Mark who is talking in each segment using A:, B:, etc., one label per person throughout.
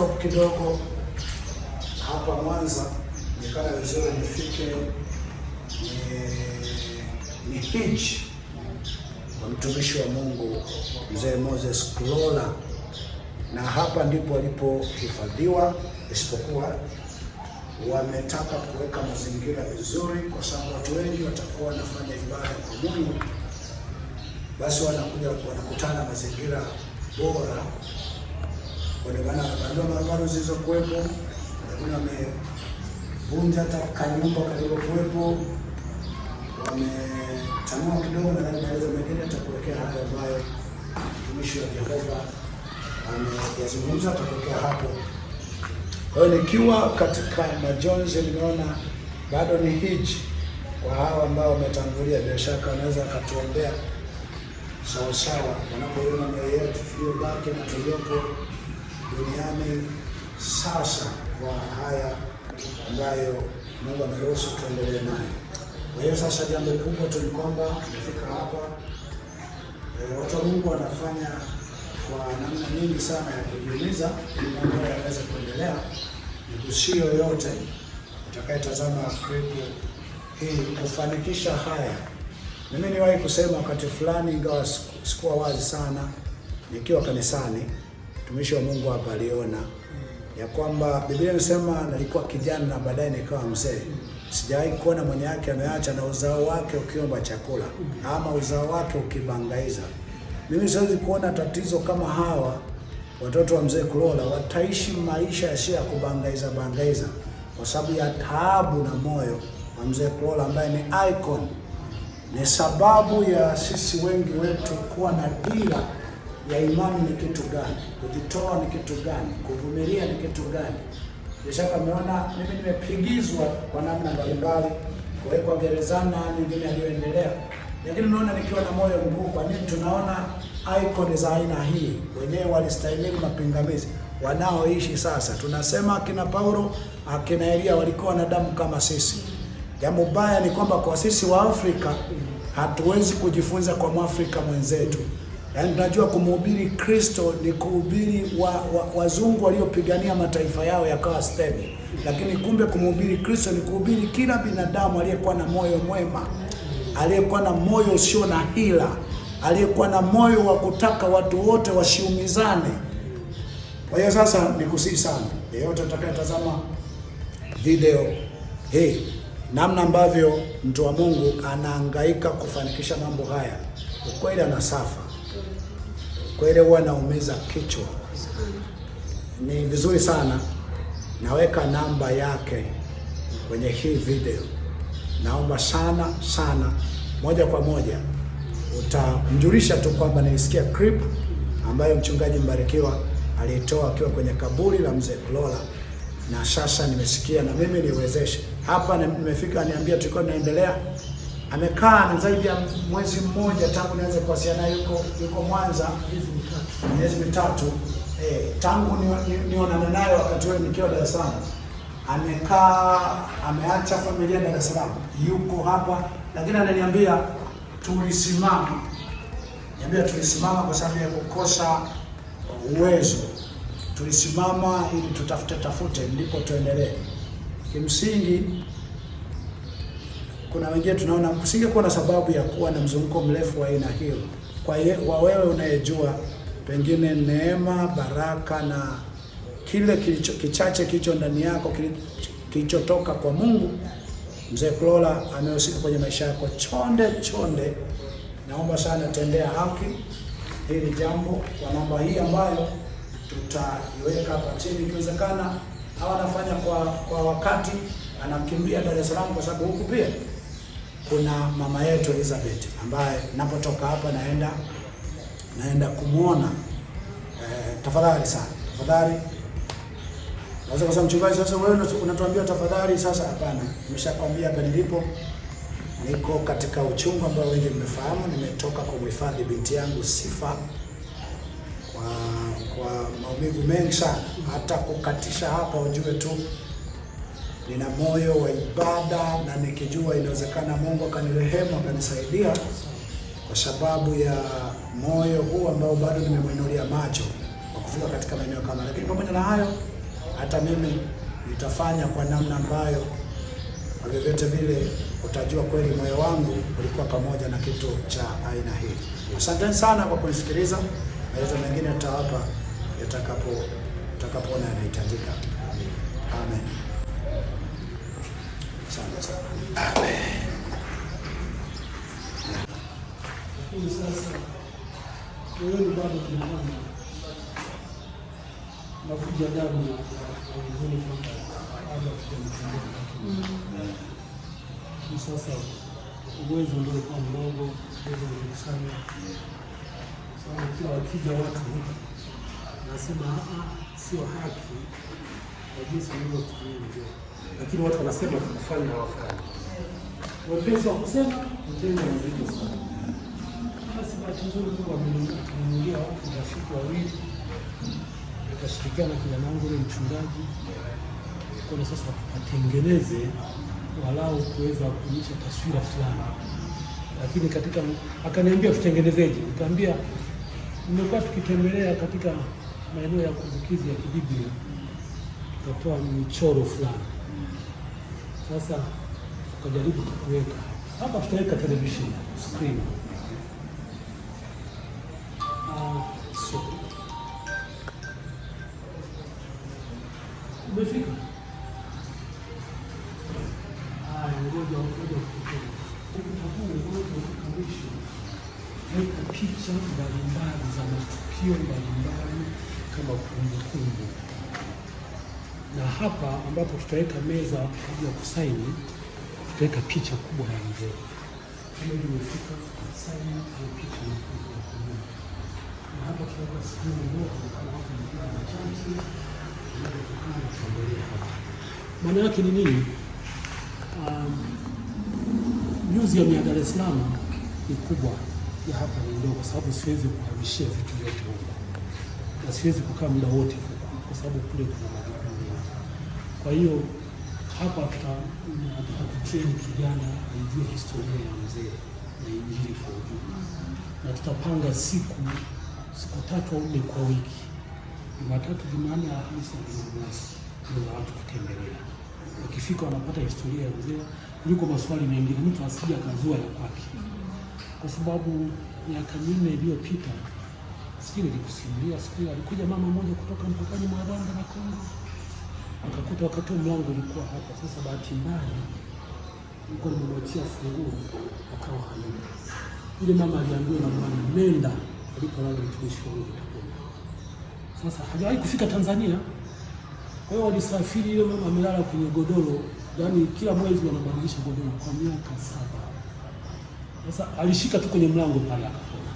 A: stop kidogo hapa Mwanza, nikana vizuri nifike ni pitch wa mtumishi wa Mungu mzee Moses Kulola, na hapa ndipo alipohifadhiwa, isipokuwa wametaka kuweka mazingira vizuri, kwa sababu watu wengi watakuwa wanafanya ibada kwa Mungu, basi wanakuja wanakutana mazingira bora kuonekana wanapanua barabara zilizokuwepo, lakini wamevunja hata kanyumba kalivyokuwepo, wametanua kidogo na maelezo mengine atakuwekea hayo ambayo mtumishi wa Jehova ameyazungumza, atakuwekea hapo. Kwa hiyo nikiwa katika majonzi, nimeona bado ni hiji kwa hawa ambao wametangulia, bila shaka wanaweza wakatuombea sawasawa, wanapoona mioyo yetu iliyobaki na tuliopo duniani sasa kwa haya ambayo Mungu ameruhusu tuendelee nayo. Kwa hiyo sasa jambo kubwa tu ni kwamba tumefika hapa, e, watu wa Mungu wanafanya kwa namna nyingi sana ya kujiumiza ili mambo yaweze kuendelea. Mgusio yoyote utakayetazama klipu hii kufanikisha haya, mimi niwahi kusema wakati fulani, ingawa sikuwa wazi sana nikiwa kanisani mtumishi wa Mungu hapa aliona ya kwamba Biblia inasema nalikuwa kijana na baadaye nikawa mzee, sijawahi kuona mwenye yake ameacha na uzao wake ukiomba chakula ama uzao wake ukibangaiza. Mimi siwezi kuona tatizo kama hawa watoto wa mzee Kulola wataishi maisha yasiyo ya kubangaiza bangaiza, kwa sababu ya taabu na moyo wa mzee Kulola ambaye ni icon, ni sababu ya sisi wengi wetu kuwa na dira ya imani ni kitu gani, kujitoa ni kitu gani, kuvumilia ni kitu gani. Bila shaka mimi nimepigizwa kwa namna mbalimbali, kuwekwa gerezani na nyingine aliyoendelea, lakini naona nikiwa na moyo mkuu. Kwa nini tunaona icon za aina hii? Wenyewe walistahimili mapingamizi wanaoishi sasa. Tunasema akina Paulo akina Elia walikuwa damu kama sisi. Jambo baya ni kwamba kwa sisi wa Afrika hatuwezi kujifunza kwa Mwafrika mwenzetu. Yaani tunajua kumhubiri Kristo ni kuhubiri wa, wa, wazungu waliopigania mataifa yao yakawa stable, lakini kumbe kumhubiri Kristo ni kuhubiri kila binadamu aliyekuwa na moyo mwema, aliyekuwa na moyo usio na hila, aliyekuwa na moyo wa kutaka watu wote wasiumizane. Kwa hiyo sasa nikusihi sana yeyote atakayetazama video hii, hey, namna ambavyo mtu wa Mungu anahangaika kufanikisha mambo haya, ukweli anasafa kwa ile huwa naumeza kichwa. Ni vizuri sana, naweka namba yake kwenye hii video. Naomba sana sana, moja kwa moja utamjulisha tu kwamba nilisikia clip ambayo mchungaji Mbarikiwa alitoa akiwa kwenye kaburi la mzee Kulola, na sasa nimesikia na mimi niwezeshe hapa. Nimefika niambia, tulikuwa tunaendelea amekaa na zaidi ya mwezi mmoja tangu nianze kuwasiliana naye, yuko yuko Mwanza miezi mitatu eh, tangu nionana ni naye wakati wewe nikiwa Dar es Salaam. Amekaa ameacha familia Dar es Salaam, yuko hapa, lakini ananiambia tulisimama, niambia tulisimama kwa sababu ya kukosa uwezo, tulisimama ili tutafute tafute ndipo tuendelee kimsingi kuna wengine tunaona kusingekuwa na sababu ya kuwa na mzunguko mrefu wa aina hiyo. Kwa wa wewe unayejua pengine neema, baraka na kile kilicho kichache kilicho ndani yako kilichotoka kwa Mungu, mzee Flora amehusika kwenye maisha yako. Chonde chonde, naomba sana tendea haki hili jambo kwa namba hii ambayo tutaiweka hapa chini. Ikiwezekana hawa anafanya kwa kwa wakati, anakimbia Dar es Salaam kwa sababu huku pia kuna mama yetu Elizabeth ambaye napotoka hapa naenda naenda kumwona eh, tafadhali sana tafadhali. Naweza kusema mchungaji, sasa wewe unatuambia tafadhali. Sasa hapana, nimeshakwambia hapa nilipo, niko katika uchungu ambao wengi mmefahamu. Nimetoka kwa mhifadhi binti yangu Sifa kwa, kwa maumivu mengi sana, hata kukatisha hapa ujue tu nina moyo wa ibada na nikijua inawezekana Mungu akanirehemu akanisaidia, kwa sababu ya moyo huu ambao bado nimemwinulia macho kwa kufika katika maeneo kama. Lakini pamoja na hayo, hata mimi nitafanya kwa namna ambayo kwa vyovyote vile utajua kweli moyo wangu ulikuwa pamoja na kitu cha aina hii. Asanteni sana kwa kunisikiliza. Maelezo mengine nitawapa yatakapo, takapoona yanahitajika. Amen. Amen.
B: sasa wewe ni bado binadamu, navuja damu wengine kabla tujamtendea. Sasa uwezo ndio mdogo, uwezo mdogo sana. kila wakija watu nasema sio haki kwa jinsi nilivyotumia njoo lakini watu wanasema kufanya hawafanyi. Wepesi wa kusema mtendo wa mzito sana. Basi bahati nzuri Mungu ameninunulia watu rafiki wawili, nikashirikiana na kijana wangu ule mchungaji kona, sasa watengeneze walau kuweza kuonyesha taswira fulani, lakini katika akaniambia tutengenezeje? Nikaambia nimekuwa tukitembelea katika maeneo ya kumbukizi ya kibiblia, tutatoa michoro fulani sasa tukajaribu kuweka hapa, tutaweka televisheni screen ah, so. weka picha mbalimbali za matukio mbalimbali kama kumbukumbu na hapa ambapo tutaweka meza kabla ya kusaini, tutaweka picha kubwa ya mzee. kama imefika saini au picha kubwa, na hapa tutaweka skrini ndogo kama hapo na chansi na kuangalia hapa. Maana yake ni nini? Museum ya Dar es Salaam ni kubwa, ya hapa ni ndogo, sababu siwezi kuhamishia vitu vyote huko na siwezi kukaa muda wote huko, kwa sababu kule kuna kwa hiyo hapa tunataka kijana aijue historia ya mzee na injili kwa ujumla, na tutapanga siku siku tatu au nne kwa wiki, Jumatatu, Jumanne, Alhamisi na Jumamosi, ndio watu kutembelea. Wakifika wanapata historia ya mzee kuliko maswali mengine, mtu asije akazua ya kwake, kwa sababu miaka minne iliyopita sijui nikusimulia, siku alikuja mama mmoja kutoka mpakani mwa Rwanda na Kongo akakuta wakati mlango ulikuwa hapa. Sasa bahati mbaya nilikuwa nimemwachia funguo, akawa hayupo. Ile mama aliambiwa na bwana, nenda alipolala mtumishi wangu utakwenda. Sasa hajawahi kufika Tanzania, kwa hiyo walisafiri. Ile mama amelala kwenye godoro, yaani kila mwezi wanabadilisha godoro kwa miaka saba. Sasa alishika tu kwenye mlango pale akapona.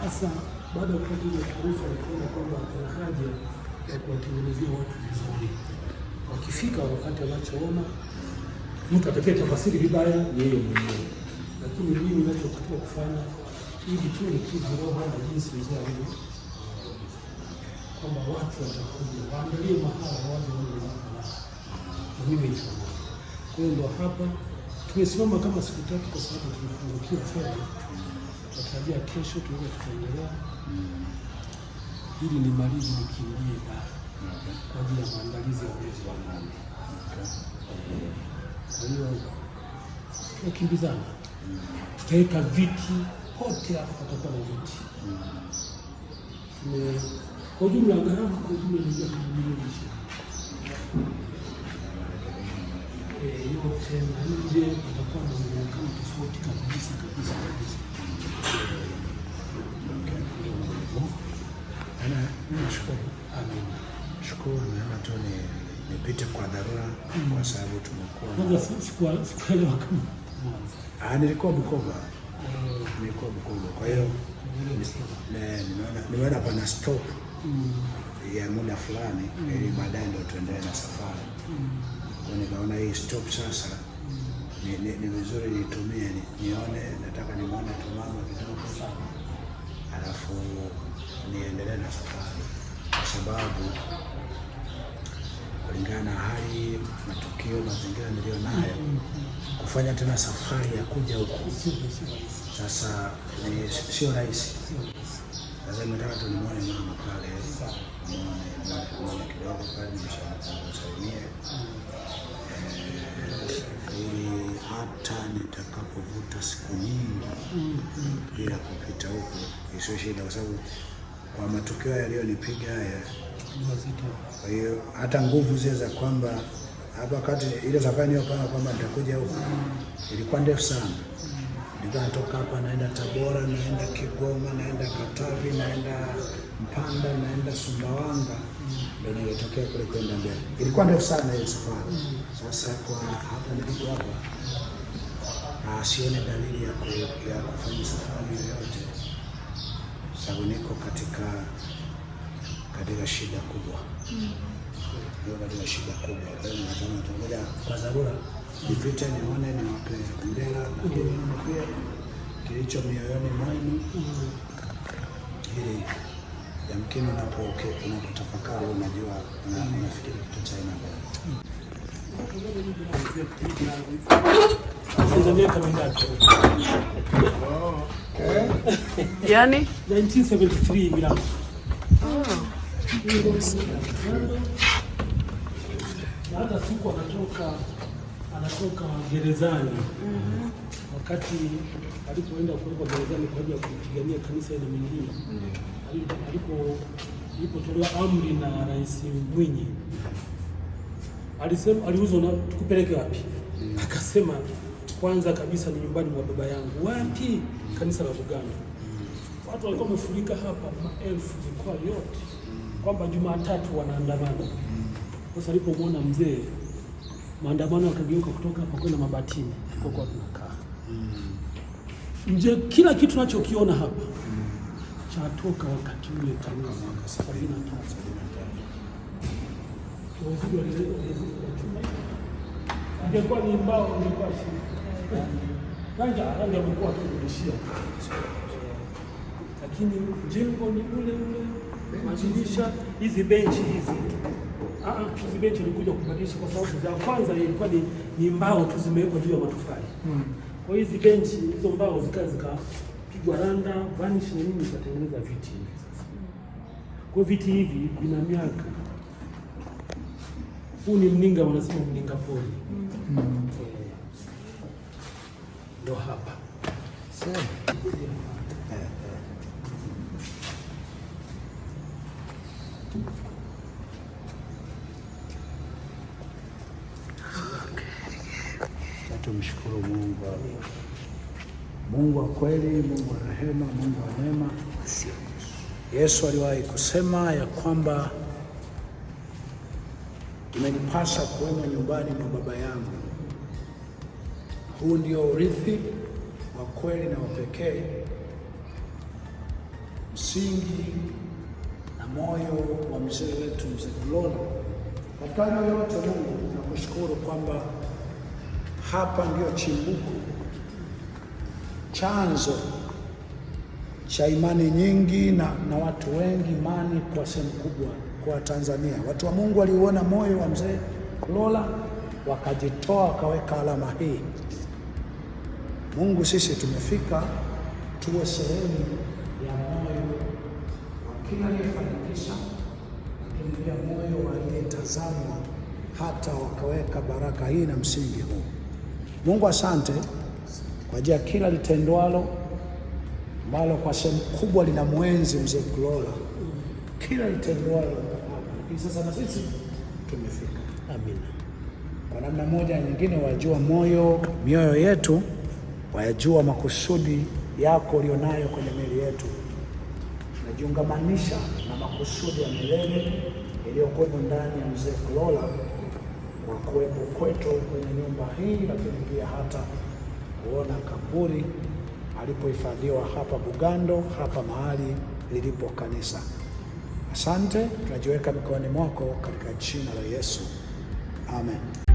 B: Sasa baada ya kupata ile taarifa, alikuona kwamba kuna haja ya kuwatengenezea watu vizuri. Wakifika wakati anachoona mtu atakaye tafasiri vibaya ni yeye mwenyewe, lakini mimi ninachotakiwa kufanya ili tu nikidhi roho na jinsi mzee kwamba watu watakuja waangalie mahala waje waje na mimi nitaona. Kwa hiyo ndo hapa tumesimama kama siku tatu, kwa sababu tumepungukiwa fedha. Tunatarajia kesho tuweze tukaendelea ili nimalize nikimbie na kwa ajili ya maandalizi ya mwezi wa nane. Kwa hiyo tunakimbizana, tutaweka viti pote hapo, patakuwa na viti kwa ujumla. Gharama kwa ujumla milioni niaisha yote eh, na nje, patakuwa na muonekano tofauti kabisa kabisa kabisa.
A: zako, naona tu ni nipite kwa dharura mm. kwa hmm. sababu
B: tumekuwa sikuelewa kama
A: ah, nilikuwa Bukoba uh, nilikuwa Bukoba, kwa hiyo nimeona pana stop mm. ya muda fulani mm. ili baadaye ndio tuendelee na safari mm. kwa nikaona hii stop sasa hmm. ni, ni, ni vizuri nitumie ni, nione nataka nimwone mama kidogo, alafu niendelee na safari sababu kulingana na hali, matukio, mazingira niliyo nayo kufanya tena safari ya kuja huku sasa sio rahisi. Sasa nataka tu nimwone mama pale, kidogo pale, nimsalimie eh, ili hata nitakapovuta siku nyingi bila kupita huku isio shida, kwa sababu kwa matukio yaliyonipiga haya. Kwa hiyo hata nguvu zile za kwamba hapa kati ile safari niliyopanga kwamba nitakuja huko mm. ilikuwa ndefu sana, nilikuwa natoka hapa naenda Tabora, naenda Kigoma, naenda Katavi, naenda Mpanda, naenda Sumbawanga, mm. ndio nilitokea kule kwenda mbele. Ilikuwa ndefu sana ile safari. Mm. Sasa kwa hapa nilipo hapa, asione ah, dalili ya kufanya safari yoyote sababu niko katika katika shida kubwa mm. katika shida kubwa. Kwa hiyo nasema tungoja kwa dharura nipite nione ni niwape bendera, lakini pia kilicho mioyoni mwenu ili yamkini unapotafakari unajua unafikiri kitu cha aina gani
B: yani 1973 Milano. Baada siku anatoka anatoka gerezani mm Wakati alipoenda kuwekwa gerezani kwa ajili ya kupigania kanisa ile mingine mm Alipo ilipotolewa amri na Rais Mwinyi alisema, aliulizwa tukupeleke wapi? mm Akasema kwanza kabisa ni nyumbani mwa baba yangu. Wapi? Kanisa la Buganda. Watu walikuwa wamefurika hapa, maelfu, mikoa yote, kwamba Jumatatu wanaandamana. Sasa alipomwona mzee, maandamano yakageuka kutoka hapa kwenda Mabatini, tukokuwa tunakaa nje Kila kitu tunachokiona hapa chatoka wakati ule tangu mwaka ingekuwa ni mbao, ingekuwa shida rangi rangi amekuwa akirudishia, lakini jengo ni ule ule, madirisha hizi, benchi hizi ah, ah, hizi benchi ilikuja kubadilisha kwa sababu za kwanza ilikuwa ni, ni mbao tu zimewekwa juu ya matofali. Hmm. Kwa hiyo hizi benchi hizo mbao zikaa zikapigwa randa vanish na nini zikatengeneza viti hivi sasa. Kwa viti hivi vina miaka, huu ni mninga, wanasema mninga pori. hmm
A: ndo hapa Tumshukuru Mungu wa Mungu wa kweli, Mungu wa rehema, Mungu wa neema. Yesu aliwahi kusema ya kwamba imenipasa kuwemo nyumbani mwa Baba yangu huu ndio urithi wa kweli na wapekee msingi na moyo wa mzee wetu mzee Bulongo. Katika hayo yote, Mungu nakushukuru kwamba hapa ndio chimbuko, chanzo cha imani nyingi na, na watu wengi, imani kwa sehemu kubwa kwa Tanzania. Watu wa Mungu waliuona moyo wa mzee Lola wakajitoa wakaweka alama hii. Mungu, sisi tumefika, tuwe sehemu ya moyo wa kila aliyefanikisha, lakini pia moyo waliyetazamwa, hata wakaweka baraka hii na msingi huu. Mungu, asante kwa ajili ya kila litendwalo ambalo kwa sehemu kubwa lina mwenzi mzee Kulola, kila litendwalo sasa na sisi tumefika. Amina. Kwa namna moja nyingine, wajua moyo mioyo yetu wayajua makusudi yako ulionayo kwenye meli yetu. Tunajiungamanisha na makusudi ya milele iliyokuwepo ndani ya mzee Kulola kwa kuwepo kwetu kwenye nyumba hii, lakini pia hata kuona kaburi alipohifadhiwa hapa Bugando, hapa mahali lilipo kanisa. Asante, tunajiweka mikononi mwako katika jina la Yesu, amen.